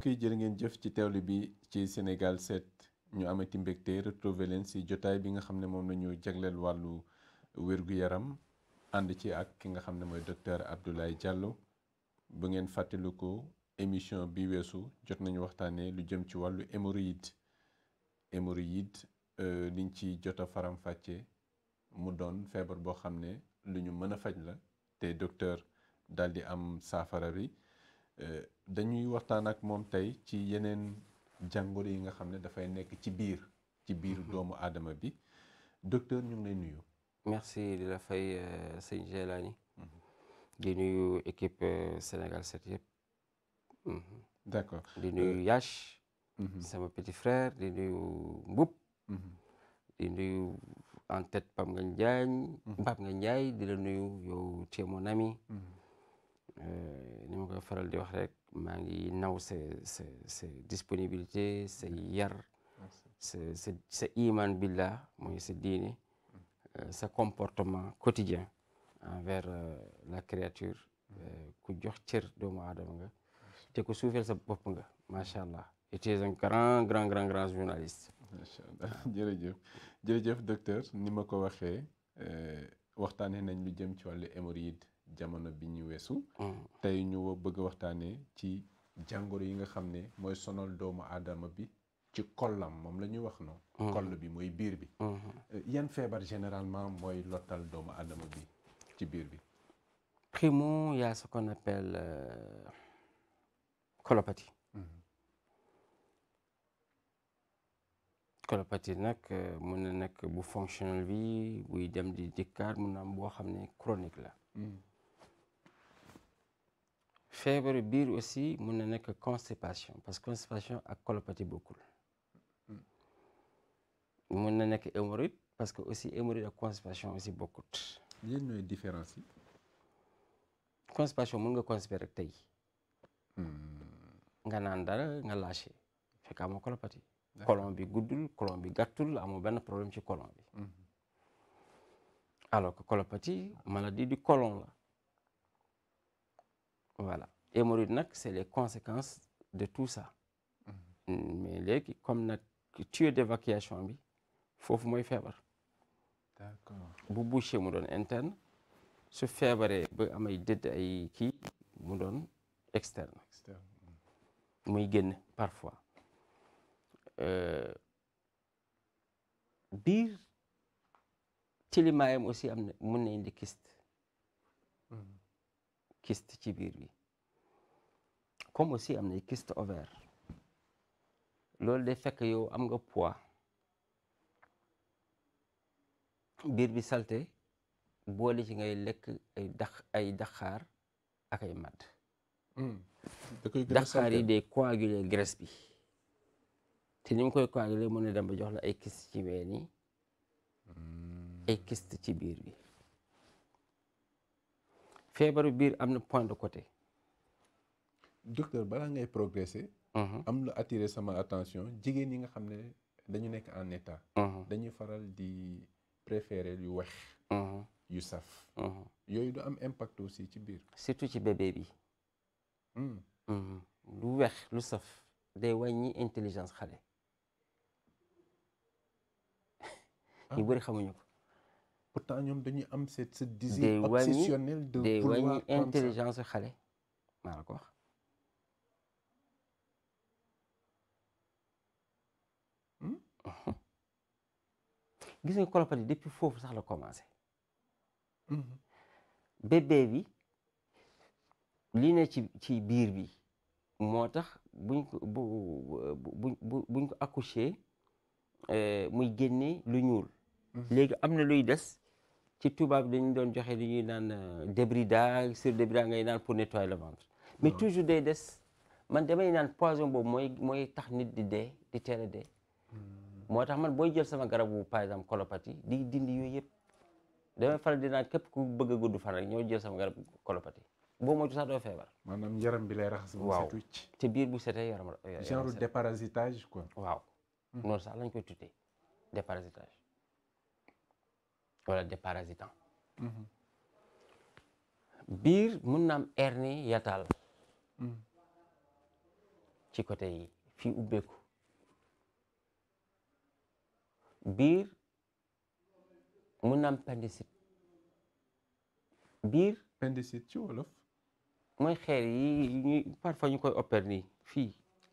mbokk jël ngeen jëf ci teewlu bi ci Sénégal 7 ñu amati mbégte retrouver leen si jotaay bi nga xam ne moom la ñu jagleel wàllu wér yaram ànd ci ak ki nga xam ne mooy docteur Abdoulaye Diallo bu ngeen fàttaliku émission bi weesu jot nañu waxtaanee lu jëm ci wàllu hémorroïde hémorroïde euh, liñ ci jot a faram-fàcce mu doon feebar boo xam ne lu ñu mën a faj la te docteur daal di am saafara bi. Euh, dañuy waxtaan ak moom tey ci yeneen jàngoro yi nga xam ne dafay nekk ci biir ci biir mhm. doomu aadama bi docteur ñu ngi lay nuyu merci di la fay euh, sëñ Gelani mhm. di nuyu équipe euh, Sénégal 7 yëpp mhm. d'accord di nuyu Yash sama petit frère di nuyu mbub di nuyu en tête Pape Ngagne Ndiaye Pape di la nuyu yow tu ami Euh, ni ma koy faral di wax rek maa ngi naw sa sa sa disponibilité sa mm. yar sa sa sa iman billah mooy sa diine mm. euh, sa comportement quotidien envers euh, la créature mm. ku jox cër doomu aadama nga te ku suufeel sa bopp nga macha allah tu es un grand grand grand grand journaliste macha allah jërëjëf jërëjëf docteur ni ma ko waxe waxee waxtaanee nañ lu jëm ci wàllu hémorroïde jamono bi ñu weesu. Mm. tey ñu bëgg a waxtaanee ci jàngoro yi nga xam ne mooy sonal doomu aadama bi ci kollam moom la ñuy wax noonu. Mm. koll bi mooy biir bi. Mm. Eh, yan feebar généralement mooy lottal doomu aadama bi ci biir bi. primo y a ce qu'on appelle euh, mm-hmm. nag euh, mun na nekk bu fonctionnel bi buy dem di dikkaat mun na boo xam ne chronique la. feebaru biir aussi mun na nekk constipation parce que constipation ak colopathie bokkul hmm. mun na nekk hémorroïde parce que aussi hémorroïde ak constipation aussi bokkut. yéen différence yi. constipation mun nga constipé rek tey. Hmm. nga naan dar nga lâché fekk amoo colopathie. colon bi guddul colon bi gàttul amoo benn problème ci colon bi. Hmm. alors que colopathie maladie du colon la. voilà hémorroïde nag c' est les conséquences de tout ça mm-hmm. mais léegi comme nag tuyau d' vacuation bi foofu mooy feebar. d' bu bouché mu doon interne su feebaree ba amay dëdd ay kii mu doon externe. Mm. muy génn parfois euh, biir tilimaayam aussi am na mun na indi kyste ci biir bi comme si am nay kist over loolu de fekk yow am nga poids biir bi salte boole ci ngay lekk ay dax ay daxaar ak ay madd hmm. daxaar yi day coaguler graisse bi te ni mu koy coaguler mën na dem ba jox la ay kist ci ween yi hmm. ay kyste ci biir bi feebaru biir am na point de côté. docteur balaa ngay progresser. Mhm. am lu attirer sama attention jigéen ñi nga xam ne dañu nekk en état. Mhm. dañuy faral di préférer yu wex. Mhm. yu saf. yooyu du am impact aussi ci biir. surtout ci bébé bi. Hmm. lu weex lu saf day wàññi intelligence xale. Ah. ñu bëri xamuñu ko. pourtant ñoom dañuy am cette ce désir obsessionnel de day wàññi intelligence xale maa la ko wax hmm? gis nga colopathie depuis foofu sax la commencé hmm. bébé bi li ne ci ci biir bi moo tax buñ ko bu bu buñ ko accouché euh, muy génne lu ñuul hmm. léegi am na luy des ci tubaab dañu doon joxe li ñuy naan euh, débridage surdébridage ngay naan pour nettoyer le ventre mais ah. toujours day des man damay naan poison boobu mooy mooy tax nit di dee di teel a dee hmm. moo tax man booy jël sama garabu par exemple kolopati di dindi yooyu yëpp damay faral di naan képp ku bëgg a gudd fan rek ñoo jël sama garabu colopathie boo moytu sax doo feebar. maanaam yaram bi lay raxas. waaw te biir bu setee yaram. genre déparasitage quoi. waaw. Hmm. noonu sax lañ koy tuddee déparasitage. wala déparasitant mhm. biir mun na am hernie hiatale mhm. ci côté yi fii ubbeeku biir mun na am biir appendicite ci wolof mooy xeer yi ñuy parfois ñu koy opérer nii fii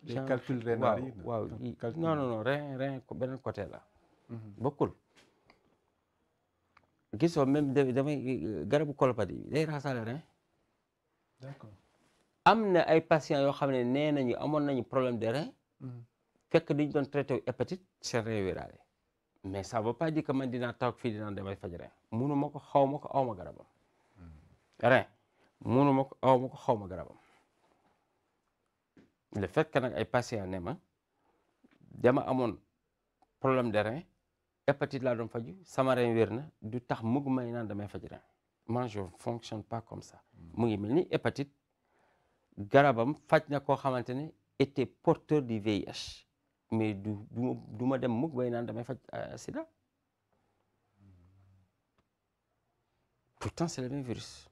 les calculs rénaux waaw waaw non non non rein rein côté la mhm. bokkul gisoo même damay garabu kolopati bi day raxasale rein d'accord am na ay patients yoo xam ne nee nañu amoon nañu problème de mm-hmm. fekk dañu doon traité wu hépatite seen rein wéraale mais ça veut pas dire que man dinaa toog fii dinaa damay faj rein munu ko xaw ko aw ma garabam mm-hmm. rein ko xaw ma garabam le fait nag ay patients ne ma dama amoon problème de hépatite laa doon faju sama rein wér na du tax mug may naan damay faj rein man je fonctionne pas comme ça hmm. mu ngi mel ni hépatite garabam faj na koo xamante ne était porteur du VIH mais du du ma dem mug may naan damay faj euh, sida pourtant c'est le même virus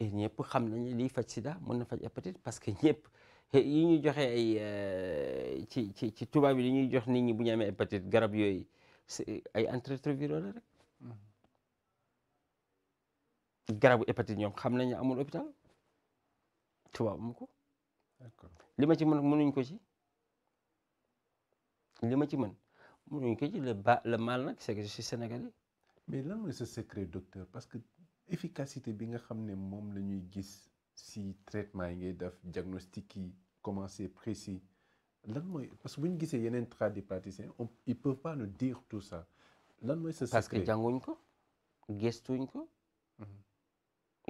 et ñëpp xam na liy faj sida mën na faj hépatite parce que ñëpp yi ñuy joxe ay euh, ci ci ci tubaab yi li ñuy jox nit ñi bu ñu amee hépatite garab yooyu ay antirétroviraux la rek mm-hmm. garabu hépatite ñoom xam nañu amul hôpital tubaab amu ko li ma ci mën mënuñ ko ci li ma ci mën mënuñ ko ci le ba le mal nag c'est que je suis sénégalais mais sa secret docteur parce que efficacité bi nga xam ne moom la ñuy gis si traitement yi ngay def diagnostic yi commencer précis lan mooy parce que bu ñu gisee yeneen tradipraticiens on ils peuvent pas nous dire tout ça lan mooy sa secret parce que jànguñ ko gëstuñ ko mhm.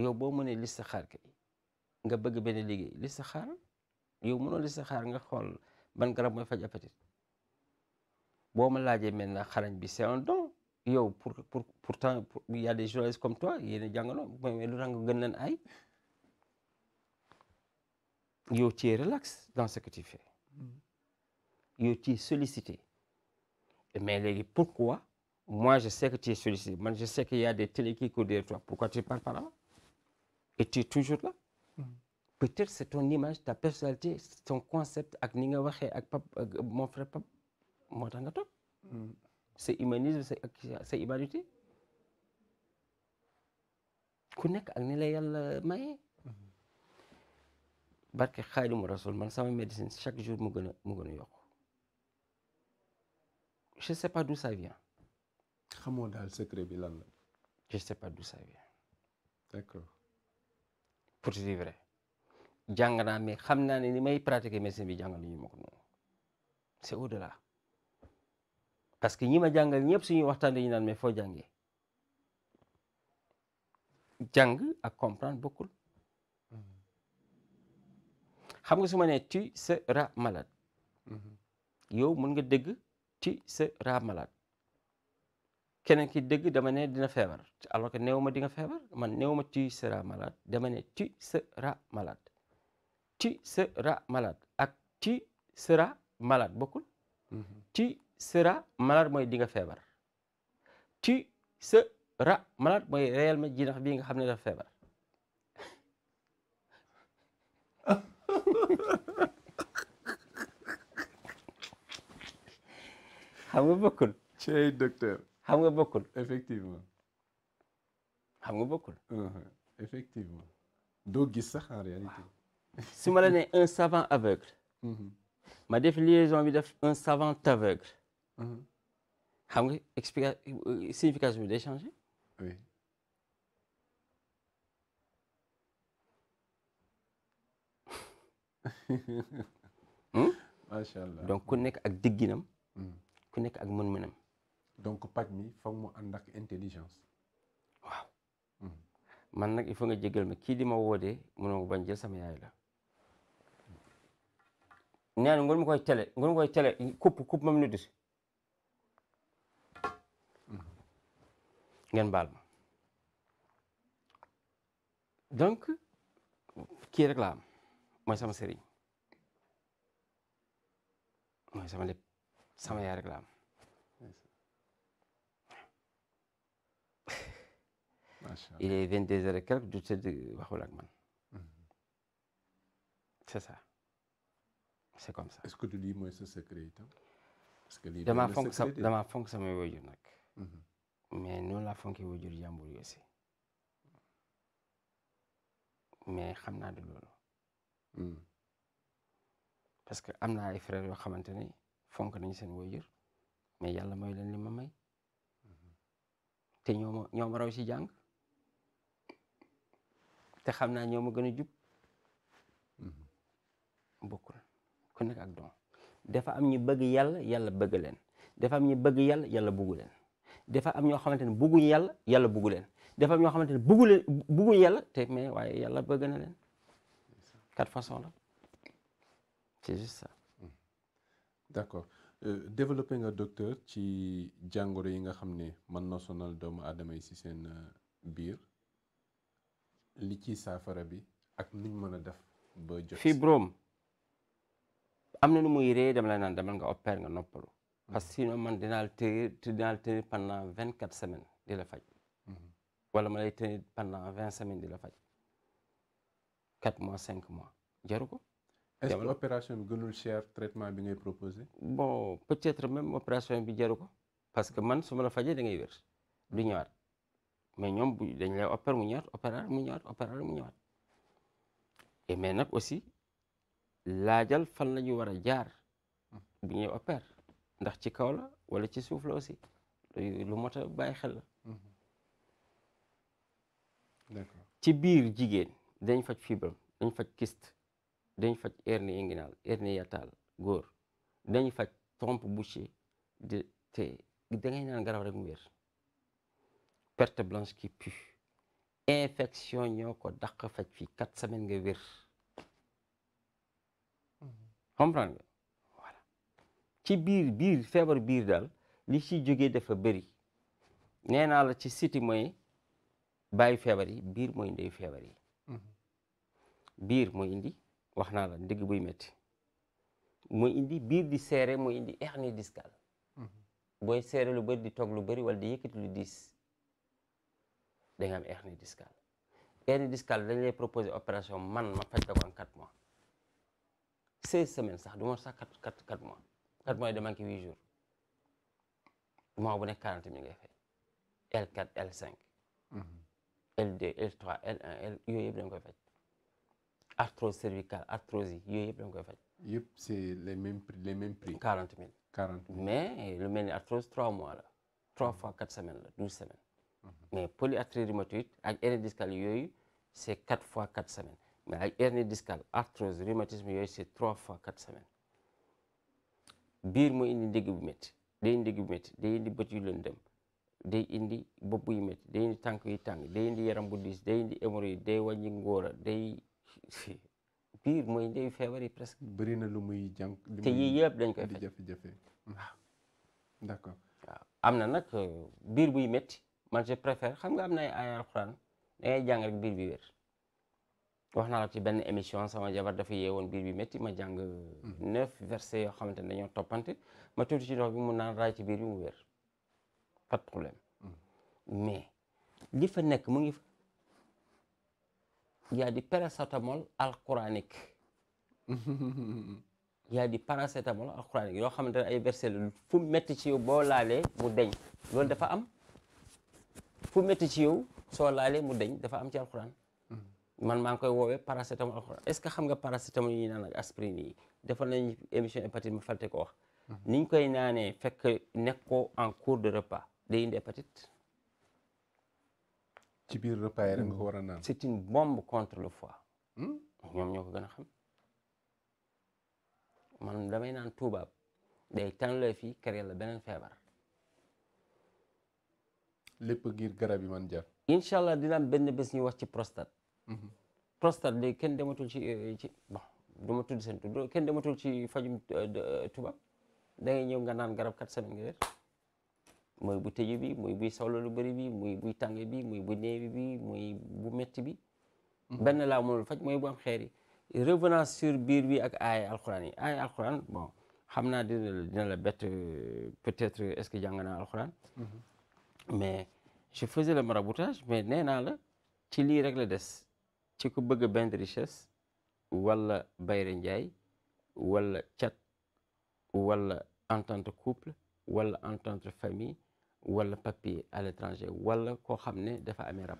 yow boo mënee listixaar kay nga bëgg benn liggéey listixaar yow mënoo listixaar nga xool ban garab mooy faj appétit boo ma laajee maintenant xarañ bi c'est un don yow pour pour pourtant il y a des journalistes comme toi yéen a jàngaloon mais lu tax nga gën leen ay yow tu es relax dans ce que tu fais mm. yow tu es sollicité mais léegi pourquoi moi je sais que tu es sollicité man je sais qu'il y a des télé qui courent derrière toi pourquoi tu parles pas là et toujours la mm -hmm. peut-être c'est ton image ta personnalité ton concept ak ni nga waxee ak pap mon frère pap moo tax nga toog mm. c'est humanisme c'est ak ku nekk ak ni la yàlla mayee barke xaadimu rasul man sama médecine chaque jour mu gën a mu gën a yokku je sais pas d'où ça vient. xamoo daal secret bi lan la. je sais pas d'où ça vient. d'accord. pour te mais xam naa ne ni may pratiquer médecine bi jàngal ñu ma ko noonu c'est au-delà parce que ñi ma jàngal ñëpp suñuy waxtaan dañu naan mais foo jàngee jàng ak comprendre bokkul. xam nga su ma nee tu seras malade mhm. yow mën nga dégg tu seras malade keneen ki dégg dama ne dina feebar alors que néew ma dinga nga feebar man néew ma tu seras malade dama ne tu seras malade tu seras malade ak tu seras malade bokkul mhm. tu seras malade mooy di nga feebar tu seras malade mooy réellement jinax bii nga xam ne da feebar xam nga bokkul. cey docteur. xam nga bokkul. effectivement. xam nga bokkul. Uh-huh. effectivement. doo gis sax en réalité. si ma la nee un savant aveugle. Uh-huh. ma def liaison bi def un savant aveugle. Uh-huh. xam nga explica euh, signification bi day changé. Hmm? allah donc ku nekk ak digginam. Hmm. ku nekk ak mën donc paj mi foog mu ak intelligence. waaw. Hmm. man nag nga jégal ma kii di ma woodee mënoo bañ jël sama la. nee na nga koy tele nga koy tele kupp kupp ma hmm. ngeen baal ma. donc kii rek laa am mooy sama sëriñ mooy sama lépp. sama yaay rek la am. macha allah il est vingt deux heures quelque du tëdd waxul ak man. c'est ça c'est comme ça. est parce que lii damaa fonk sa damaa fonk samay waajur nag. mais noonu laa fonkee waajur jàmbur yi mais xam naa du loolu. parce que am naa ay frères yoo xamante ni. fonk nañ seen waajur mais yàlla mooy leen li ma may te ñoo ma raw si jàng te xam naa ñoo ma gën a jub bokkul ku nekk ak don dafa am ñi bëgg yàlla yàlla bëgg leen dafa am ñu bëgg yàlla yàlla bëggu leen dafa am ñoo xamante ne bëgguñ yàlla yàlla bëggu leen dafa am ñoo xamante ne bëggu leen bëgguñ yàlla te mais waaye yàlla bëgg na leen quatre façon la d'accord euh, développé nga docteur ci jàngoro yi nga xam ne mën na sonal doomu aadama yi si seen euh, biir li ci saafara bi ak nuñ mën a def ba jot fibrome am na nu muy ree dama la naan demal nga opérer nga noppalu parce que sinon man dinaa la téye dinaa la vingt quatre semaines di la faj mm-hmm. wala ma lay téye pendant vingt semaines di la faj quatre mois cinq mois jaru ko est-ce que opération bi gënul cher traitement bi ngay proposé. bon peut même opération bi jaru ko parce que man su ma la fajee da ngay du ñëwaat mais ñoom bu dañ lay opérer mu ñëwaat opérer mu ñëwaat opérer mu ñëwaat et mais nag aussi laajal fan la ñu war a jaar bu ñuy opérer ndax ci kaw la wala ci suuf la aussi lu mot a bàyyi xel ci biir jigéen dañ faj fibrome dañ faj kyste. dañ faj hernie inguinale hernie hiatale góor dañ faj trompe bouchée de te da ngay naan garab rek mu perte blanche qui pue infection ñoo ko dàq faj fii quatre semaines nga wér mm-hmm. comprendre nga voilà ci biir biir feebar biir daal li ci jógee dafa bari nee naa la ci siti mooy bàyyi feebar yi biir mooy ndey feebar yi mm-hmm. biir mooy indi wax naa la ndigg buy metti mooy indi biir di seere mooy indi ni discale mhm. booy seere lu bëri di toog lu bëri wala di yëkkati lu diis da nga am hernie discale hernie discal dañ lay proposer opération man ma faj la ko en 4 mois 16 semaines sax du ma sax 4 4 4 mois 4 mois yi da manqué 8 jours mois bu nekk 40 mi ngay fay L4 L5 L2 L3 L1 L yooyu yëpp dañ koy faj arthrose cervicale arthrose yi yooyu yëpp da koy faj. yëpp c' est les mêmes prix les mêmes prix. quarante mille quarante mille mais lu mel ni arthrose trois mois la trois fois quatre semaines la douze semaines. Mhm. mais polyarthrite rhumatoïde ak hernie yooyu c' est quatre fois quat semaines mais ak hernie discale arthrose rhumatisme yooyu c' est trois fois quatre semaines biir mooy indi ndigg bu métti day indi ndigg bu métti indi bët yu lëndëm day indi yu tàng day yaram bu diis day indi hémorroïde day wàññi ngóora biir mooy ndeyu feebar yi presque. bëri na lu muy jànk. te yii yëpp dañ koy faj jafe hmm. am na nag euh, biir buy métti man je préfère xam nga am na ay ay alxuraan jàng rek biir bi wér. wax naa la ci benn émission sama jabar dafa yeewoon biir bi métti ma jàng. Hmm. neuf versets yoo xamante ne dañoo toppante ma tuuti ci ndox bi mu naan raay ci biir bi mu wér pas problème. Hmm. mais li fa nekk mu ngi il y a du paracétamol alcoranique il y a du paracétamol alcoranique yoo xamante ne ay verset la fu métti ci yow boo laalee mu deñ loolu dafa am fu metti ci yow soo laalee mu deñ dafa am ci alquran mm-hmm. man maa ngi koy woowee paracétamol alquran est-ce que xam nga paracétamol yi naan ak aspirine yi defal nañ émission hépatite ma falte ko wax mm-hmm. niñ koy naanee fekk nekk ko en cours de repas day indi hépatite ci biir repas yi nga ko hmm. war a naan. c'est une bombe contre le foie. Hmm? ñoom ñoo ko gën a xam man damay naan tubaab day tànn la fii créer la beneen feebar. lépp ngir garab yi man jar. incha allah dina am benn bés ñuy wax ci prostate. Hmm. prostate de kenn dematul ci euh, ci bon du tudd seen tudd kenn dematul ci fajum euh, euh, tubaab da ngay ñëw nga naan garab kat semaines nga mooy bu tëju bi mooy buy solo lu bëri bi mooy buy tànge bi mooy bu néewi bi mooy bu metti bi mhm. benn laa mënul faj mooy bu am xeer yi sur biir bi ak aaya alxuraan yi aaya alxuraan bon xam naa dina la dina la bett peut-être est-ce que jàng naa mhm. mais je faisais le maraboutage mais nee naa la ci lii rek la des ci ku bëgg benn richesse wala bayre njaay wala cat wala entente couple wala entente famille wala papier à l'étranger wala koo xam ne dafa amee rab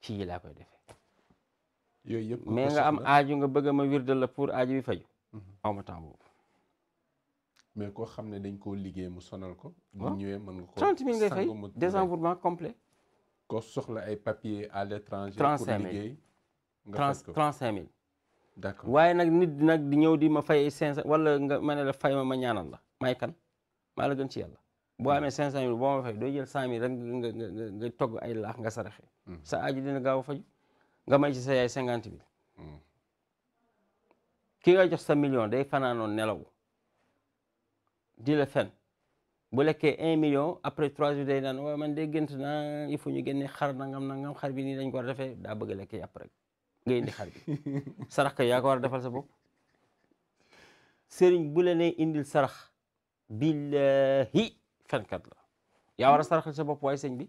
ci yi laa koy defee. yooyu mais nga am aaju nga bëgg ma wirdal la pour aaju bi faju mhm. aw ma temps boobu. mais koo xam ne dañ koo liggéey mu sonal ko. bu ñëwee mën nga ko trente mille ngay fay désenvoûtement complet. ko soxla ay papiers à l'étranger. pour liggéey nga ko trente cinq mille. d'accord waaye nag nit nag di ñëw di ma fay ay cinq wala nga ma ne fay ma ma ñaanal la may kan. maa la gën ci yàlla boo hmm. amee cinq cent mille boo ma fay doo jël cent rek nga togg ay laax nga saraxe hmm. sa aji dina gaaw a nga may ci sa yaay cinquante mille hmm. ki nga jox sa million day fanaanoon nelaw di la fen bu lekkee un million après trois jours day naan waaw man de gënt naa il faut ñu génne xar nangam nangam xar bi nii dañ ko war defee daa bëgg a lekk rek nga indi xar bi sarax ka yaa ko war defal sa bopp sëriñ bu la indil sarax billahi fenkat la yaa war a saraxal sa bopp waaye sëñ bi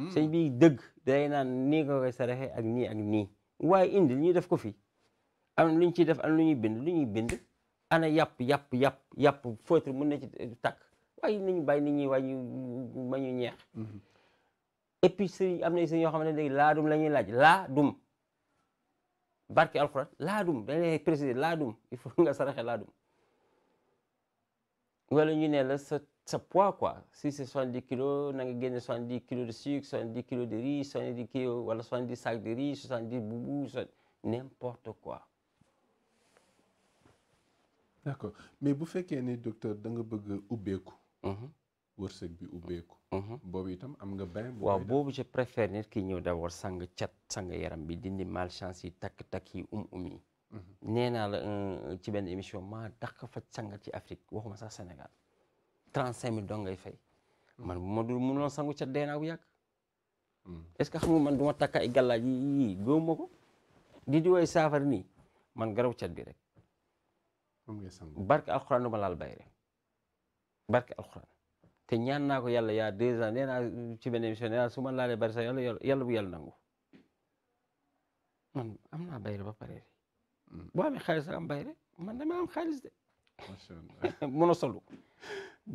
hmm. sëñ bi dëgg day naan nii nga koy saraxe ak nii ak nii waaye indi li ñuy def ko fii am lu ñu ciy def am ñuy bind lu ñuy bind ana yàpp yàpp yàpp yàpp feutre mën na ci tàkk waaye nañu bàyyi nit ñi waaye ñu ma ñu ñeex hmm. am na sëriñ yoo xam ne léegi laadum la ñuy laaj laadum barke alxuraan laadum dañ lay préciser laadum il faut nga saraxe laadum wala ñu ne la sa sa poids quoi si c'est soixante-dix kilos na nga génne soixante di kilos de sucre soixante-dix kilos de riz soixante-dix kilos wala soixante-dix sacs de riz soixante-dix boubou n'importe quoi. mais bu fekkee ne docteur da nga bëgg ubbeeku. Mhm. wërsëg bi ubbeeku. Mhm. boobu itam am nga bain. waaw boobu je nit ki ñëw d'abord sang cat sang yaram bi dindi malchance yi takk-takk yi um um yi. nee naa la euh, ci benn émission maa dàq faj sangat ci Afrique waxuma sax senegal trente cinq mille dong ngay fay man bu ma dul mënoon sangu ca dee naa bu yàgg est que xam man du ma takk ay gàllaaj yi yii ko di di woy saafara nii man garaw cat bi rek barke alxuraan du ma laal bay rek barke alxuraan te ñaan naa ko yàlla yaa deux ans nee naa ci benn émission su ma laalee bari sax yàlla yàlla bu yàlla nangu am naa bayre ba pare boo amee xaalis am mbay rek man dama am xaalis de. macha allah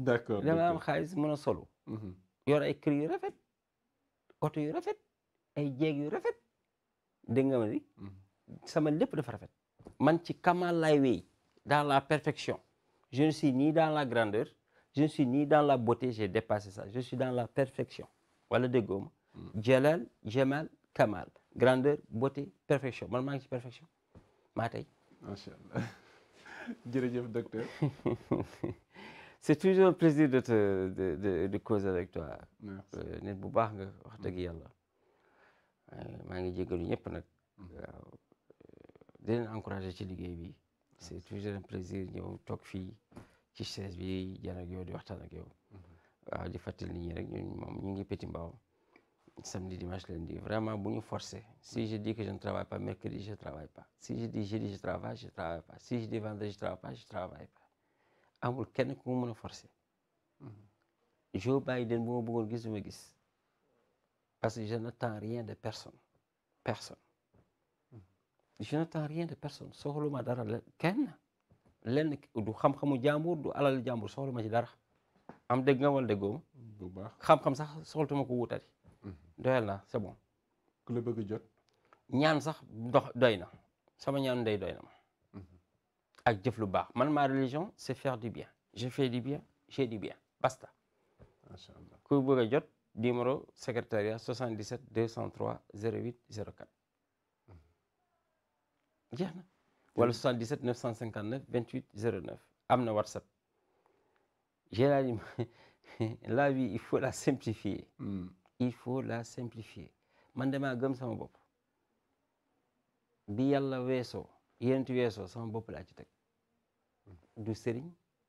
mën d' dama am xaalis mën a solu. Mhm. yor ay kër yu rafet oto yu rafet ay jeeg yu rafet dégg nga ma ni. Mhm. sama lépp dafa rafet. man ci kamal lay wéy dans la perfection je ne suis ni dans la grandeur je ne suis ni dans la beauté j'ai dépassé ça je suis dans la perfection wala déggoo ma. Mhm. Jalal Jamal Kamal grandeur beauté perfection man maa ngi ci perfection. maa tey. macha allah jërëjëf docteur. c'est toujours un plaisir de te de de de causer avec euh, bu baax nga wax dëgg mm. yàlla. Euh, maa ngi jégalu ñëpp nag. Mm. waaw euh, di leen encourager ci liggéey bi. c'est toujours un plaisir ñëw toog fii ci chaise bi jaan ak yow di waxtaan ak yow. Mm-hmm. waaw di fàttali nit ñi rek ñun moom ñu ngi samedi, dimanche, lundi. Vraiment, bon, forcer. Si je dis que je ne travaille pas mercredi, je ne travaille pas. Si je dis jeudi, je travaille, je ne Si je dis vendredi, je ne travaille pas, je ne travaille kenn ku mu mën a forcer. Hmm. Joe Biden bu ma bëggoon gis ma gis. parce que je n'attends rien de personne. personne. Hmm. je n'attends de personne soxluma dara la kenn. lenn du xam-xamu jàmbur du alal jàmbur ma ci dara. am dégg nga wala déggoo bu baax xam-xam sax soxlatuma ko wutati. doyal na c'est bon. ku la bëgg jot. ñaan sax dox doy na sama ñaan ndey doy na ma. Mhm. ak jëf lu baax man ma religion c'est faire du bien je fais du bien j'ai du bien basta. macha allah ku bëgg a jot numéro secrétariat 77 203 08 04. jeex na wala 77 959 28 09 am na WhatsApp. j'ai la la vie il faut la simplifier. Hmm. il faut la simplifier man damaa gëm sama bopp bi yàlla weesoo yenentu weesoo sama bopp laa ci teg du sëriñ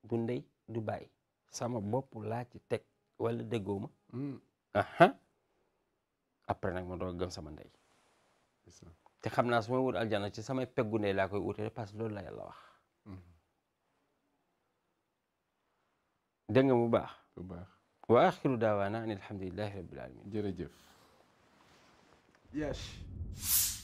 du ndey du bàyyi sama bopp laa ci teg wala déggoo ma hmm. aha après nag ma doo gëm sama ndey te xam naa su may wut aljana ci samay peggu ndey laa ko wutee parce que loolu la yàlla wax hmm. dégg bu baax wa axiru daawaana an alhamdulilahi rabbil alamin jërëjëf yes